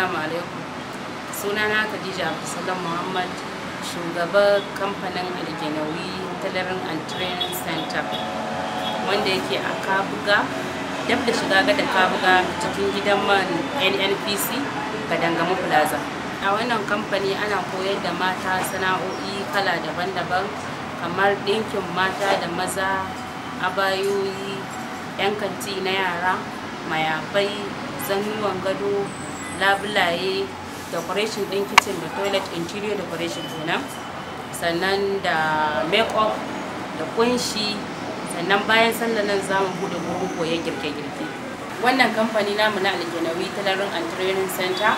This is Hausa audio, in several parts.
Assalamu alaikum. Sunana Khadija Abdulsalam Muhammad, shugaban kamfanin Algenawi Talarin and Training Center wanda yake a Kabuga, dab da shiga ga Kabuga cikin gidan man NNPC ga Dangamu Plaza. A wannan kamfani ana koyar da mata sana'o'i kala daban-daban kamar ɗinkin mata da maza, abayoyi, 'yan kanti na yara, mayafai, zannuwan gado labulaye decoration din kitchen da toilet interior decoration kenan sannan da make-up da kunshi sannan bayan sannan nan za mu bude wurin koyon girke-girke wannan kamfani namu na algenawi talarin and training center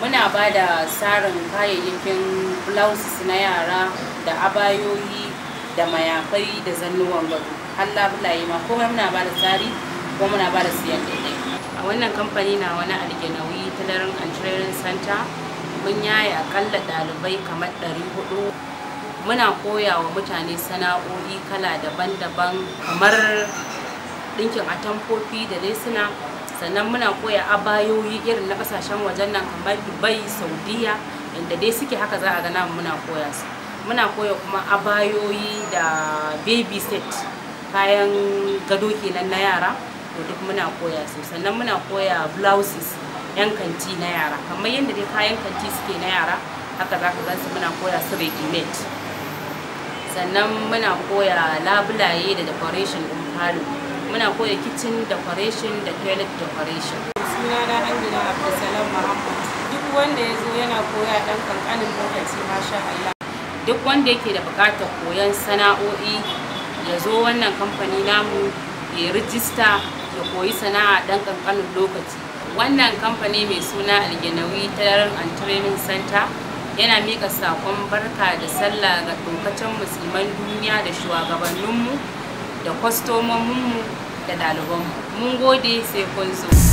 muna ba da tsarin kayayyakin blouses na yara da abayoyi da mayafai da zannuwan gado har labulaye ma komai muna ba da tsari kuma muna ba da siyan daidai a wannan kamfani na wani counseling and training center mun yaye akalla ɗalibai kamar 400 muna koya wa mutane sana'o'i kala daban-daban kamar ɗinkin atamfofi da lesuna sannan muna koya abayoyi irin na ƙasashen wajen nan kamar dubai saudiya inda dai suke haka za a gana muna koya su muna koya kuma abayoyi da baby set kayan gado kenan na yara to duk muna koya su sannan muna koya blouses yan kanti na yara kamar yadda dai kayan kanti suke na yara haka za ka gansu muna koya su regiment sannan muna koya labulaye da decoration din falo muna koya kitchen decoration da toilet decoration suna da gina abdulsalam muhammad duk wanda ya zo yana koya dan kankanin lokaci masha allah duk wanda yake da bukatar koyon sana'o'i ya zo wannan kamfani namu ya rijista da koyi sana'a ɗan kankanin lokaci wannan kamfani mai suna alginawi ta and training center yana mika sakon barka da sallah ga dokacin musulman duniya da shugabanninmu da kwastomominmu da ɗalibanmu mun gode sai kun zo